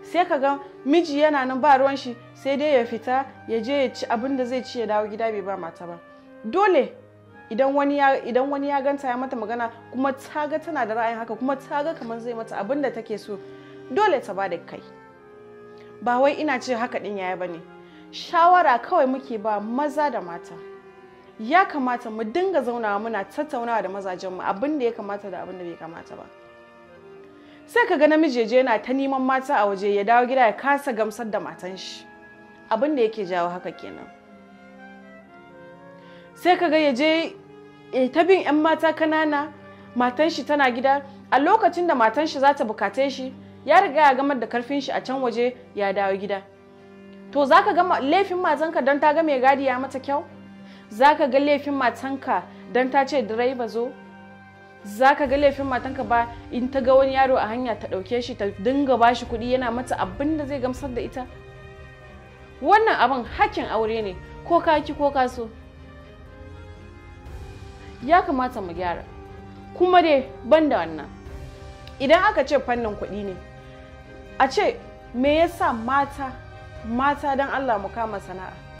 sai ka ga miji yana nan ba ruwan shi sai dai ya fita ya je ya ci abin da zai ci ya dawo gida bai ba mata ba dole idan wani ya ganta ya mata magana kuma ta ga tana da ra'ayin haka kuma ta ga kamar zai mata abin da take so dole ta ba da kai ba wai ina ce haka din yaya bane shawara kawai muke ba maza da mata ya kamata mu dinga zaunawa muna tattaunawa da mazajenmu abin da ya kamata da abin da bai kamata ba sai ka ga namiji je yana ta neman mata a waje ya dawo gida ya kasa gamsar da matan shi abin da yake jawo haka kenan sai ka ga ya je ta bin 'yan mata kanana matan shi tana gida a lokacin da matan shi za ta bukate shi ya riga ya gamar da karfin shi a can waje ya dawo gida to za ka ga laifin matanka don ta ga mai gadi ya mata kyau za ka ga laifin matanka don ta ce direba zo za ka ga laifin matanka ba in ta ga wani yaro a hanya ta ɗauke shi ta dinga ba shi kuɗi yana mata abin da zai gamsar da ita wannan abin hakkin aure ne ko ka ki ko ka so ya kamata mu gyara kuma dai ban da wannan idan aka ce fannin kuɗi ne a ce me yasa mata mata don allah mu kama sana'a